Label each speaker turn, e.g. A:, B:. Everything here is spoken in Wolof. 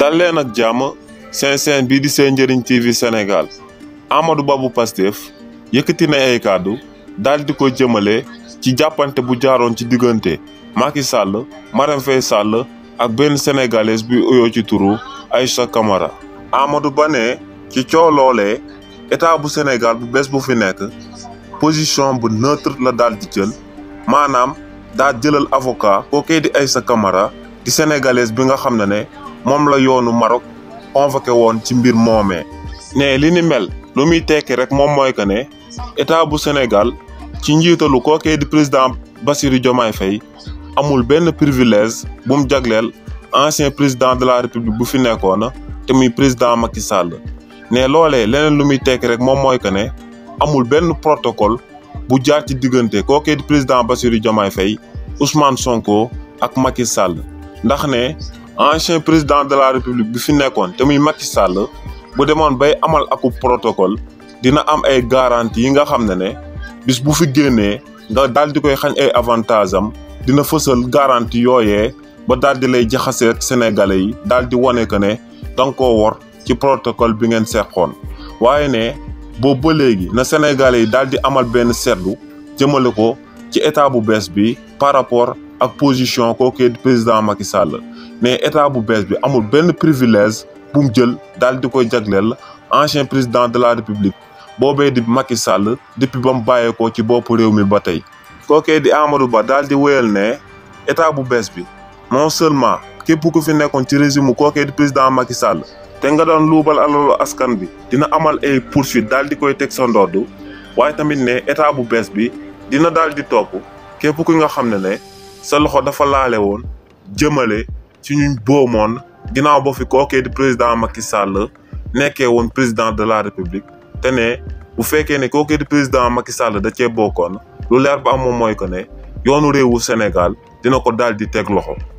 A: dal leen ak jàmm seen seen bii di seen njëriñ TV Sénégal Amadou Ba bu Pastef yëkkati na ay kàddu daal di ko jëmale ci jàppante bu jaaroon ci diggante Macky sàll Marème Faye Sall ak benn sénégalaise bi uyoo ci turu sa Camara. Amadou Ba ne ci coow loolee état bu Sénégal bu bees bu fi nekk position bu neutre la daal di jël maanaam daa jëlal avocat kookee di Aïcha Camara di sénégalaise bi nga xam ne ne. moom la yoonu Maroc convoqué woon ci mbir moomee ne li ni mel lu muy tekki rek moom mooy que ne état bu Sénégal ci njiitalu kookee di président Bassirou Diomaye Faye amul benn privilège bu mu jagleel ancien président de la république bu fi nekkoon te muy président Macky Sall ne loolee leneen lu muy tekki rek moom mooy que ne amul benn protocole bu jaar ci diggante kookee di président Bassirou Diomaye Faye Ousmane Sonko ak Macky Sall ndax ne ancien président de la république bi fi nekkoon te muy Macky Sall bu demoon bay amal aku protocole dina am ay garantie yi nga xam ne ne bis bu fi génnee nga daal di koy xañ ay avantage am dina fësal garantie yooyee ba daal di lay jaxasee ak sénégalais yi daal di wane que ne danga koo wor ci protocole bi ngeen seqoon waaye ne boobu ba léegi na sénégalais yi daal di amal benn seetlu jëmale ko ci état bu bees bi par rapport ak position kooku président Macky Sall mais état bu bees bi amul benn privilège bu mu jël daal di koy jagleel ancien président de la république boobee di Macky Sall depuis ba mu bàyyeekoo ci bopp réew mi ba tey. kookee di Amadou Ba daal di woyal ne état bu bees bi non seulement képp ku fi nekkoon ci régime mu kookee di président Macky Sall te nga doon luubal alalu askan bi dina amal ay poursuite daal di koy teg sa ndodd waaye tamit ne état bu bees bi dina daal di topp képp ku nga xam ne ne. sa loxo dafa laale woon jëmale ci ñu boomoon ginnaaw boo fi kookee di président Macky Sall nekkee woon président de la république te ne bu fekkee ne kookee di président Macky Sall da cee bokkoon lu leer ba am moom mooy que ne yoonu réewu Sénégal dina ko daal di teg loxo.